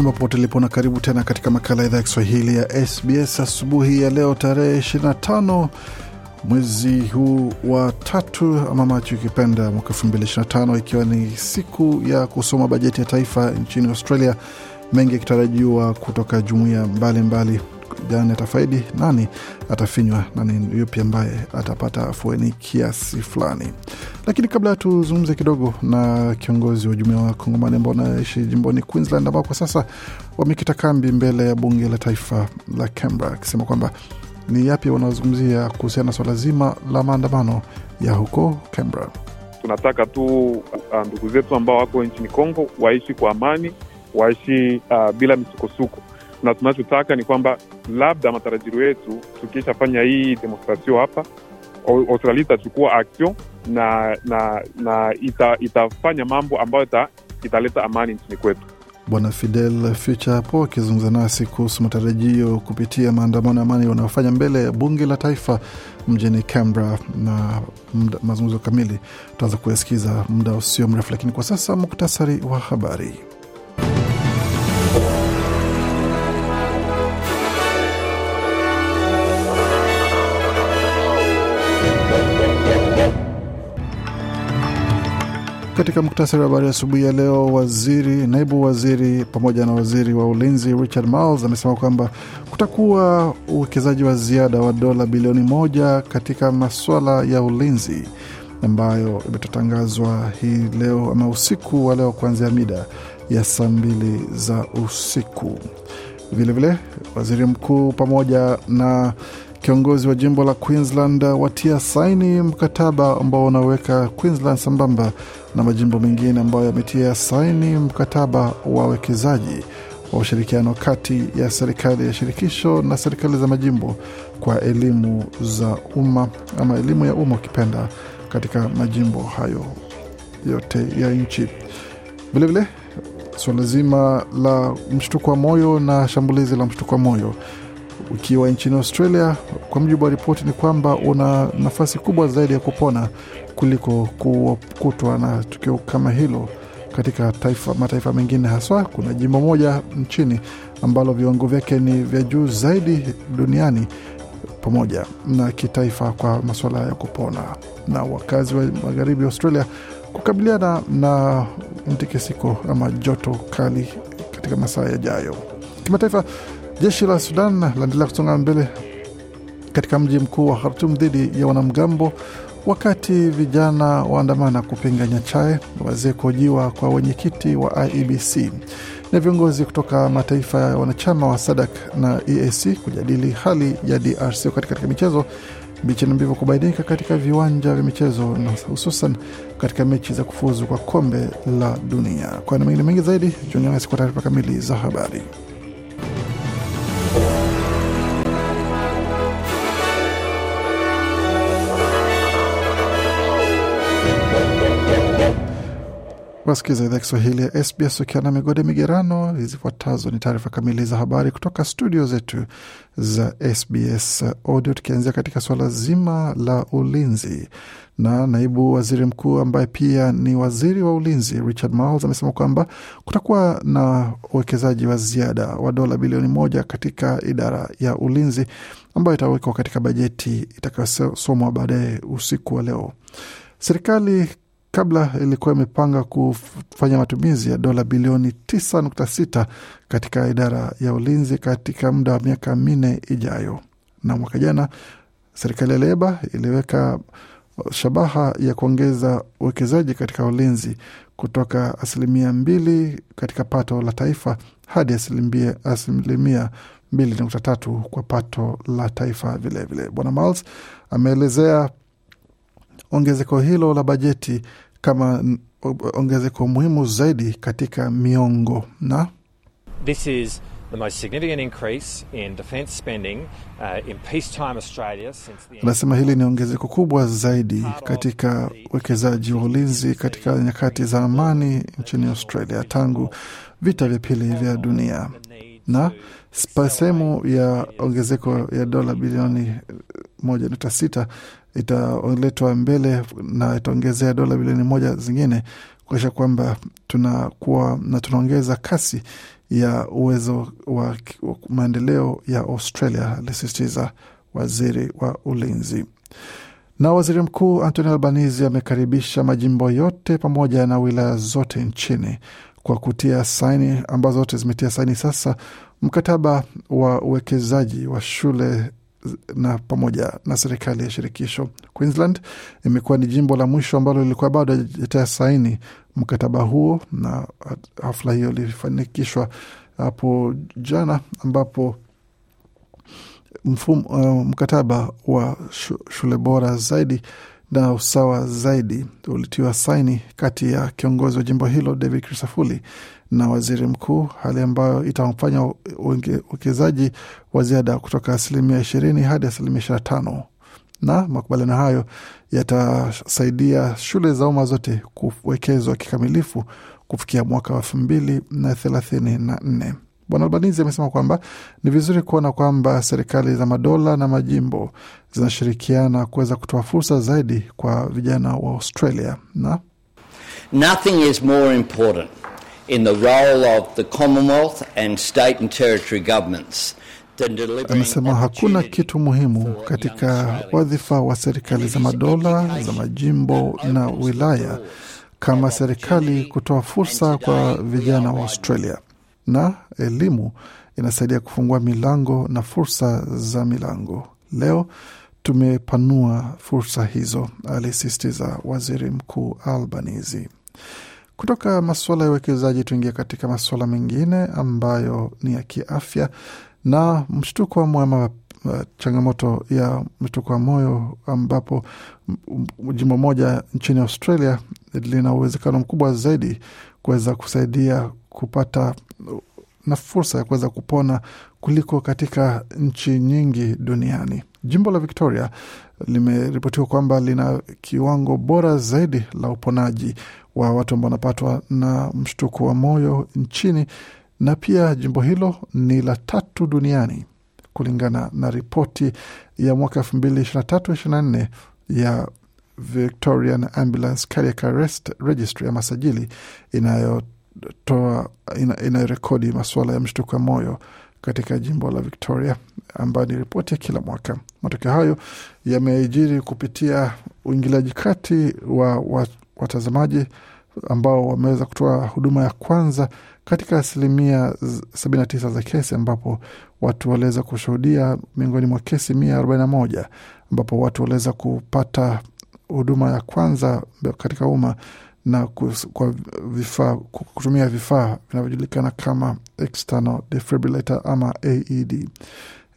Jambo popote ulipo na karibu tena katika makala idhaa ya Kiswahili ya SBS asubuhi ya leo tarehe 25 mwezi huu wa tatu ama Machi ukipenda mwaka 2025, ikiwa ni siku ya kusoma bajeti ya taifa nchini Australia, mengi yakitarajiwa kutoka jumuiya mbalimbali mbali gani atafaidi, nani atafinywa nani yupi ambaye atapata afueni kiasi fulani. Lakini kabla tuzungumze kidogo na kiongozi wa jumuiya wa Kongomani ambao wanaishi jimboni Queensland, ambao kwa sasa wamekita kambi mbele ya bunge la taifa la Canberra, akisema kwamba ni yapi wanaozungumzia kuhusiana na swala zima la maandamano ya huko Canberra. Tunataka tu uh, ndugu zetu ambao wako nchini Kongo waishi kwa amani, waishi uh, bila misukosuko na tunachotaka ni kwamba labda matarajiro yetu tukishafanya hii demonstrasio hapa, Australia itachukua action na na, na ita, itafanya mambo ambayo ita, italeta amani nchini kwetu. Bwana Fidel Ficha hapo akizungumza nasi kuhusu matarajio kupitia maandamano ya amani wanayofanya mbele ya bunge la taifa mjini cambra na mazungumzo kamili utaweza kuyasikiza muda usio mrefu, lakini kwa sasa muktasari wa habari. katika muktasari wa habari asubuhi ya leo, waziri naibu waziri pamoja na waziri wa ulinzi Richard Marles amesema kwamba kutakuwa uwekezaji wa ziada wa dola bilioni moja katika maswala ya ulinzi ambayo imetotangazwa hii leo ama usiku wa leo kuanzia mida ya saa mbili za usiku. Vilevile vile, waziri mkuu pamoja na kiongozi wa jimbo la Queensland watia saini mkataba ambao unaweka Queensland sambamba na majimbo mengine ambayo yametia saini mkataba wa wekezaji wa ushirikiano kati ya serikali ya shirikisho na serikali za majimbo kwa elimu za umma ama elimu ya umma ukipenda, katika majimbo hayo yote ya nchi. Vilevile suala zima la mshtuko wa moyo na shambulizi la mshtuko wa moyo ukiwa nchini Australia, kwa mujibu wa ripoti ni kwamba una nafasi kubwa zaidi ya kupona kuliko kukutwa na tukio kama hilo katika taifa, mataifa mengine. Haswa kuna jimbo moja nchini ambalo viwango vyake ni vya juu zaidi duniani pamoja na kitaifa kwa masuala ya kupona. Na wakazi wa magharibi Australia kukabiliana na mtikisiko ama joto kali katika masaa yajayo. Kimataifa, jeshi la Sudan laendelea kusonga mbele katika mji mkuu wa Khartum dhidi ya wanamgambo Wakati vijana waandamana kupinga Nyachae, wazee kuhojiwa kwa wenyekiti wa IEBC na viongozi kutoka mataifa ya wanachama wa SADAK na EAC kujadili hali ya DRC. Wakati katika michezo, mbichi na mbivu kubainika katika viwanja vya michezo na hususan katika mechi za kufuzu kwa kombe la dunia. Kwa na mengine mengi zaidi, jiunge nasi kwa taarifa kamili za habari. Wasikiliza idhaa Kiswahili ya SBS ukiwa na migode migerano. Zifuatazo ni taarifa kamili za habari kutoka studio zetu za SBS Audio, tukianzia katika suala zima la ulinzi. Na naibu waziri mkuu ambaye pia ni waziri wa ulinzi Richard Marles amesema kwamba kutakuwa na uwekezaji wa ziada wa dola bilioni moja katika idara ya ulinzi ambayo itawekwa katika bajeti itakayosomwa baadaye usiku wa leo. Serikali kabla ilikuwa imepanga kufanya matumizi ya dola bilioni 9.6 katika idara ya ulinzi katika muda wa miaka minne ijayo. Na mwaka jana serikali ya Leba iliweka shabaha ya kuongeza uwekezaji katika ulinzi kutoka asilimia mbili katika pato la taifa hadi asilimia, asilimia mbili nukta tatu kwa pato la taifa vilevile. Bwana mals ameelezea ongezeko hilo la bajeti kama ongezeko muhimu zaidi katika miongo na This is uh, Anasema hili ni ongezeko kubwa zaidi katika uwekezaji wa ulinzi katika nyakati za amani nchini Australia tangu vita vya pili vya dunia, na sehemu ya ongezeko ya dola bilioni 1.6 italetwa mbele na itaongezea dola bilioni moja zingine kuakisha kwamba tunakuwa na tunaongeza kasi ya uwezo wa maendeleo ya Australia, alisisitiza waziri wa ulinzi. Na waziri mkuu Anthony Albanese amekaribisha majimbo yote pamoja na wilaya zote nchini kwa kutia saini ambazo zote zimetia saini sasa mkataba wa uwekezaji wa shule na pamoja na serikali ya shirikisho. Queensland imekuwa ni jimbo la mwisho ambalo lilikuwa bado saini mkataba huo, na hafla hiyo ilifanikishwa hapo jana ambapo mfum, uh, eh, mkataba wa shule bora zaidi na usawa zaidi ulitiwa saini kati ya kiongozi wa jimbo hilo David Crisafulli na waziri mkuu, hali ambayo itamfanya uwekezaji wa ziada kutoka asilimia ishirini hadi asilimia ishirini na tano na makubaliano hayo yatasaidia shule za umma zote kuwekezwa kikamilifu kufikia mwaka wa elfu mbili na thelathini na nne. Bwana Albanizi amesema kwamba ni vizuri kuona kwamba serikali za madola na majimbo zinashirikiana kuweza kutoa fursa zaidi kwa vijana wa Australia na Nothing is more important in the role of the Commonwealth and state and territory governments Amesema hakuna kitu muhimu katika wadhifa wa serikali za madola za majimbo na wilaya kama serikali kutoa fursa kwa vijana wa Australia na elimu inasaidia kufungua milango na fursa za milango. Leo tumepanua fursa hizo, alisisitiza waziri mkuu Albanese. Kutoka masuala ya uwekezaji, tuingia katika masuala mengine ambayo ni ya kiafya na mshtuko wa mwama uh, changamoto ya mshtuko wa moyo ambapo jimbo moja nchini Australia lina uwezekano mkubwa zaidi kuweza kusaidia kupata na fursa ya kuweza kupona kuliko katika nchi nyingi duniani. Jimbo la Victoria limeripotiwa kwamba lina kiwango bora zaidi la uponaji wa watu ambao wanapatwa na mshtuko wa moyo nchini, na pia jimbo hilo ni la tatu duniani kulingana na ripoti ya mwaka elfu mbili ishirini na tatu ishirini na nne ya Victorian Ambulance Cardiac Arrest Registry ya masajili inayo toa inayorekodi ina masuala ya mshtuko wa moyo katika jimbo la Victoria ambayo ni ripoti ya kila mwaka. Matokeo hayo yameajiri kupitia uingiliaji kati wa, wa watazamaji ambao wameweza kutoa huduma ya kwanza katika asilimia 79 za kesi, ambapo watu waliweza kushuhudia miongoni mwa kesi 141 ambapo watu waliweza kupata huduma ya kwanza katika umma na kwa vifaa, kutumia vifaa vinavyojulikana kama external defibrillator ama AED,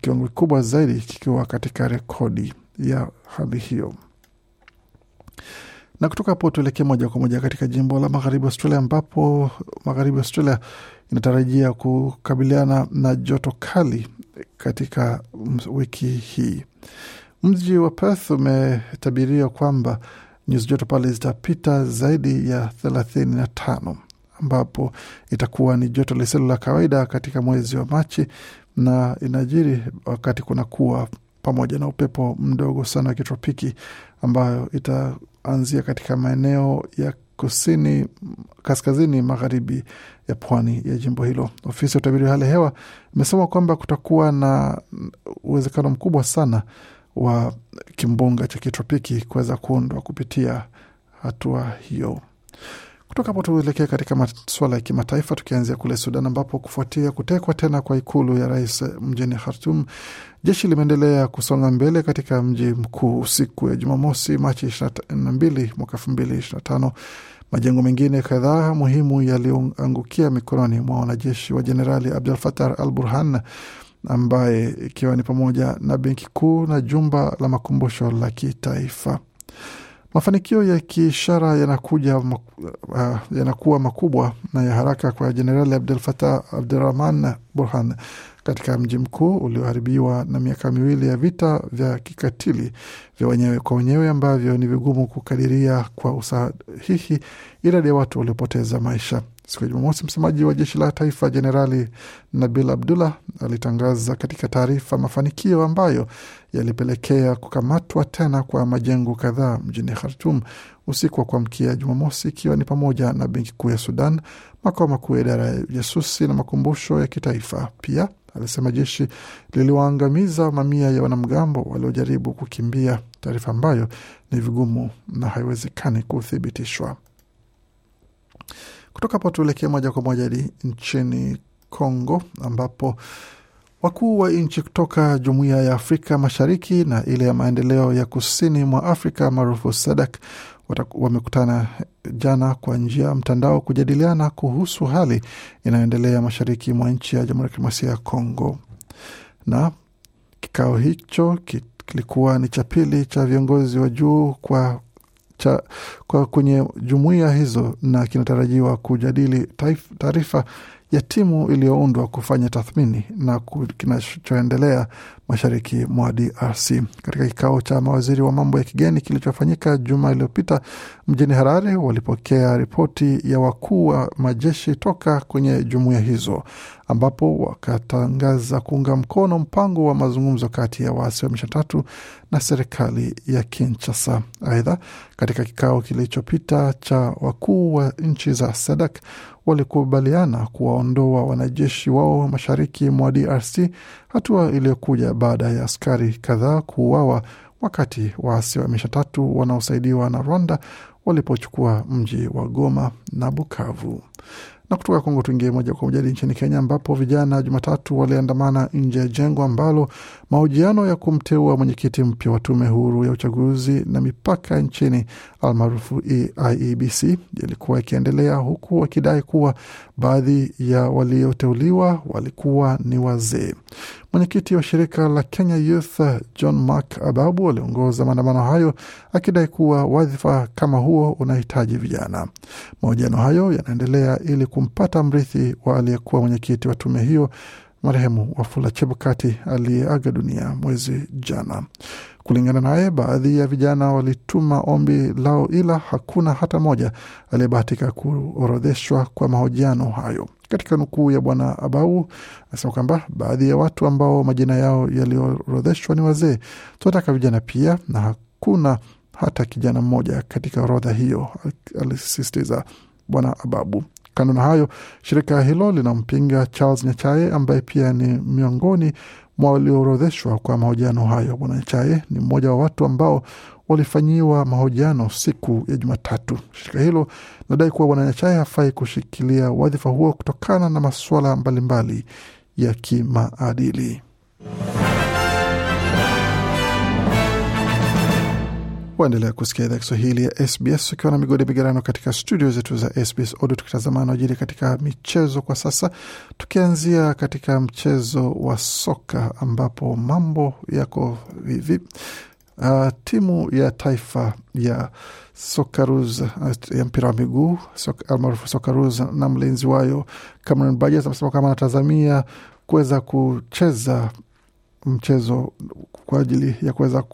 kiwango kikubwa zaidi kikiwa katika rekodi ya hali hiyo. Na kutoka hapo tuelekee moja kwa moja katika jimbo la magharibi Australia, ambapo magharibi Australia inatarajia kukabiliana na joto kali katika wiki hii. Mji wa Perth umetabiriwa kwamba nyuzi joto pale zitapita zaidi ya thelathini na tano ambapo itakuwa ni joto lisilo la kawaida katika mwezi wa Machi na inajiri wakati kunakuwa pamoja na upepo mdogo sana wa kitropiki ambayo itaanzia katika maeneo ya kusini kaskazini magharibi ya pwani ya jimbo hilo. Ofisi ya utabiri wa hali ya hewa imesema kwamba kutakuwa na uwezekano mkubwa sana wa kimbunga cha kitropiki kuweza kuundwa kupitia hatua hiyo. Kutoka hapo tuelekee katika masuala ya kimataifa, tukianzia kule Sudan ambapo kufuatia kutekwa tena kwa ikulu ya rais mjini Khartum, jeshi limeendelea kusonga mbele katika mji mkuu siku ya Jumamosi, Machi 22 mwaka 2025. Majengo mengine kadhaa muhimu yaliyoangukia mikononi mwa wanajeshi wa Jenerali Abdul Fatah al Burhan ambaye ikiwa ni pamoja na benki kuu na jumba la makumbusho la kitaifa. Mafanikio ya kiishara yanakuja uh, yanakuwa makubwa na ya haraka kwa Jenerali Abdel Fatah Abdurahman Burhan katika mji mkuu ulioharibiwa na miaka miwili ya vita vya kikatili vya wenyewe kwa wenyewe ambavyo ni vigumu kukadiria kwa usahihi idadi ya watu waliopoteza maisha. Siku ya Jumamosi, msemaji wa jeshi la taifa Jenerali Nabil Abdullah alitangaza katika taarifa mafanikio ambayo yalipelekea kukamatwa tena kwa majengo kadhaa mjini Khartum usiku wa kuamkia Jumamosi, ikiwa ni pamoja na benki kuu ya Sudan, makao makuu ya idara ya ujasusi na makumbusho ya kitaifa. Pia alisema jeshi liliwaangamiza mamia ya wanamgambo waliojaribu kukimbia, taarifa ambayo ni vigumu na haiwezekani kuthibitishwa. Kutoka hapo tuelekee moja kwa moja hadi nchini congo ambapo wakuu wa nchi kutoka Jumuiya ya Afrika Mashariki na ile ya maendeleo ya kusini mwa Afrika maarufu SADC wamekutana jana kwa njia ya mtandao kujadiliana kuhusu hali inayoendelea mashariki mwa nchi ya Jamhuri ya Kidemokrasia ya Kongo. Na kikao hicho kilikuwa ni cha pili cha viongozi wa juu kwa cha kwa kwenye jumuiya hizo na kinatarajiwa kujadili taarifa ya timu iliyoundwa kufanya tathmini na kinachoendelea mashariki mwa DRC. Katika kikao cha mawaziri wa mambo ya kigeni kilichofanyika juma iliyopita mjini Harare, walipokea ripoti ya wakuu wa majeshi toka kwenye jumuiya hizo, ambapo wakatangaza kuunga mkono mpango wa mazungumzo kati ya waasi wa M23 na serikali ya Kinchasa. Aidha, katika kikao kilichopita cha wakuu wa nchi za SADAK walikubaliana kuwaondoa wanajeshi wao mashariki mwa DRC, hatua iliyokuja baada ya askari kadhaa kuuawa wakati waasi wa misha tatu wanaosaidiwa na Rwanda walipochukua mji wa Goma na Bukavu. Na kutoka Kongo tuingie moja kwa moja nchini Kenya, ambapo vijana Jumatatu waliandamana nje ya jengo ambalo Mahojiano ya kumteua mwenyekiti mpya wa tume huru ya uchaguzi na mipaka nchini almaarufu IEBC yalikuwa yakiendelea huku wakidai kuwa baadhi ya walioteuliwa walikuwa ni wazee. Mwenyekiti wa shirika la Kenya Youth John Mark Ababu aliongoza maandamano hayo akidai kuwa wadhifa kama huo unahitaji vijana. Mahojiano hayo yanaendelea ili kumpata mrithi wa aliyekuwa mwenyekiti wa tume hiyo marehemu Wafula Chebukati aliyeaga dunia mwezi jana. Kulingana naye, baadhi ya vijana walituma ombi lao, ila hakuna hata moja aliyebahatika kuorodheshwa kwa mahojiano hayo. Katika nukuu ya Bwana Abau anasema kwamba baadhi ya watu ambao majina yao yaliyoorodheshwa ni wazee, tunataka vijana pia, na hakuna hata kijana mmoja katika orodha hiyo, alisisitiza Bwana Ababu. Kando na hayo, shirika hilo linampinga Charles Nyachae ambaye pia ni miongoni mwa walioorodheshwa kwa mahojiano hayo. Bwana Nyachae ni mmoja wa watu ambao walifanyiwa mahojiano siku ya Jumatatu. Shirika hilo linadai kuwa Bwana Nyachae hafai kushikilia wadhifa huo kutokana na masuala mbalimbali ya kimaadili. Waendelea kusikia idhaa Kiswahili ya SBS ukiwa na migodi migerano katika studio zetu za SBS Audio, tukitazama anaojiri katika michezo kwa sasa, tukianzia katika mchezo wa soka ambapo mambo yako hivi Uh, ah, timu ya taifa ya Socceroos ya mpira wa miguu almaarufu Socceroos na mlinzi wayo Cameron Burgess amesema kama anatazamia kuweza kucheza mchezo kwa ajili ya kuweza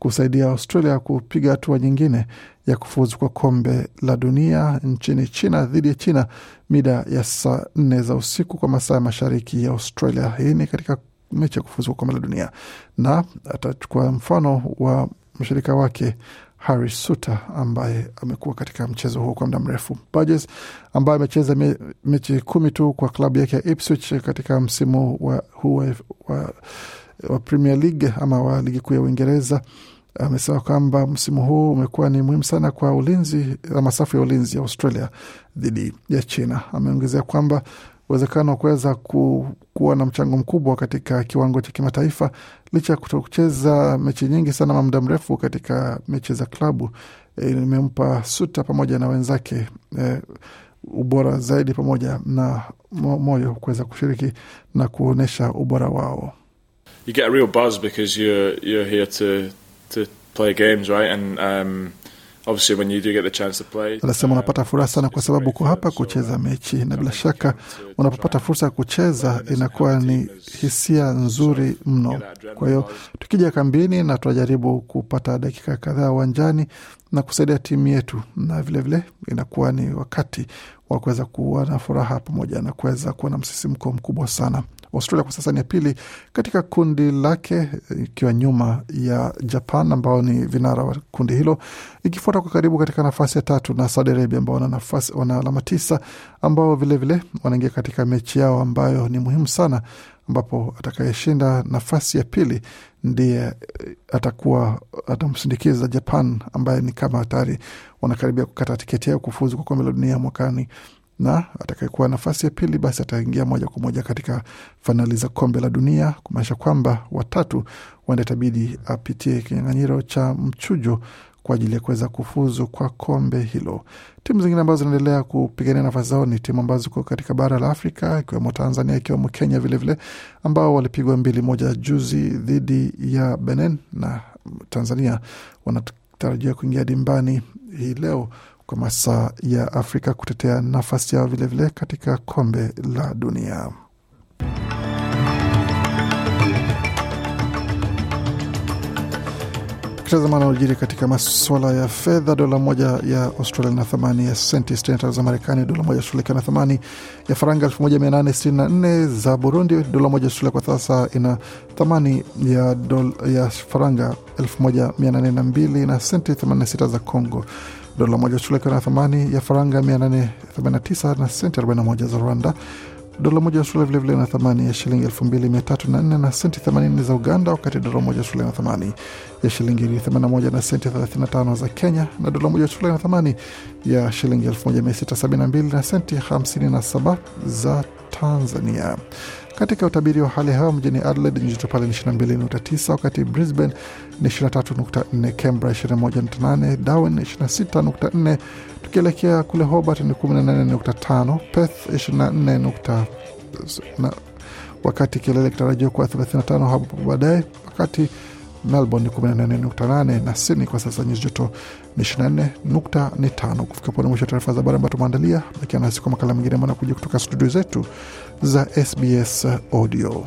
kusaidia Australia kupiga hatua nyingine ya kufuzu kwa kombe la dunia nchini China dhidi ya China mida ya saa nne za usiku kwa masaa ya mashariki ya Australia. Hii ni katika mechi ya kufuzu kwa kombe la dunia, na atachukua mfano wa mshirika wake Harry Suter ambaye amekuwa katika mchezo huo kwa muda mrefu. Burgess ambaye amecheza mechi kumi tu kwa klabu yake ya Ipswich katika msimu wa huu wa wa Premier League ama wa ligi kuu ya Uingereza amesema kwamba msimu huu umekuwa ni muhimu sana kwa ulinzi ama safu ya ulinzi ya Australia dhidi ya China. Ameongezea kwamba uwezekano wa kuweza ku, kuwa na mchango mkubwa katika kiwango cha kimataifa licha ya kutocheza mechi nyingi sana ama muda mrefu katika mechi za klabu e, imempa e, Suta pamoja na wenzake e, ubora zaidi pamoja na moyo kuweza kushiriki na kuonyesha ubora wao you get a real buzz because you're you're here to to play games, right? And um, obviously when you do get the chance to play, anasema uh, unapata furaha sana kwa sababu uko hapa kucheza uh, mechi, na bila shaka unapopata fursa ya kucheza inakuwa ni hisia nzuri mno. Kwa hiyo tukija kambini na tunajaribu kupata dakika kadhaa uwanjani na kusaidia timu yetu, na vilevile vile, inakuwa ni wakati wa kuweza kuwa na furaha pamoja na kuweza kuwa na msisimko mkubwa sana. Australia kwa sasa ni ya pili katika kundi lake ikiwa nyuma ya Japan ambao ni vinara wa kundi hilo, ikifuata kwa karibu katika nafasi ya tatu na Saudi Arabia ambao wana nafasi, wana alama tisa ambao vilevile wanaingia katika mechi yao ambayo ni muhimu sana, ambapo atakayeshinda nafasi ya pili ndiye eh, atakuwa atamsindikiza Japan ambaye ni kama hatari wanakaribia kukata tiketi yao kufuzu kwa kombe la dunia mwakani na atakayekuwa nafasi ya pili basi ataingia moja kwa moja katika fainali za kombe la dunia, kumaanisha kwamba watatu huenda itabidi apitie kinyang'anyiro cha mchujo kwa ajili ya kuweza kufuzu kwa kombe hilo. Timu zingine ambazo zinaendelea kupigania nafasi zao ni timu ambazo ziko katika bara la Afrika, ikiwemo Tanzania, ikiwemo Kenya vilevile vile, ambao walipigwa mbili moja juzi dhidi ya Benin na Tanzania wanatarajia kuingia dimbani hii leo kwa masaa ya Afrika kutetea nafasi yao vilevile katika kombe la dunia. Tazama ujiri katika masuala ya fedha. Dola moja ya Australia na thamani ya senti 63 za Marekani. Dola moja Australia ikiwa na thamani ya faranga 1864 za Burundi. Dola moja Australia kwa sasa ina thamani ya, dola, ya faranga 1802 na senti 86 za Congo. Dola moja shule na thamani ya faranga 889 na senti 41 za Rwanda. Dola moja shule vilevile na thamani ya shilingi 2304 na senti 80 za Uganda, wakati dola moja shule na thamani ya shilingi 81 na senti 35 za Kenya, na dola moja shule na thamani ya shilingi 1672 na senti 57 za Tanzania. Katika utabiri wa hali ya hewa mjini Adelaide joto pale ni 22.9, wakati Brisbane ni 23.4, Canberra 21.8, Darwin 26.4, tukielekea kule Hobart ni 18.5, Perth 24 wakati kilele kitarajiwa kuwa 35 hapo baadaye, wakati Melbourne 18.8 na Sydney kwa sasa nyuzi joto ni 24.5. Kufika pone mwisho taarifa za habari ambayo tumeandalia. Bakia nasi kwa makala mengine manakuja kutoka studio zetu za SBS Audio.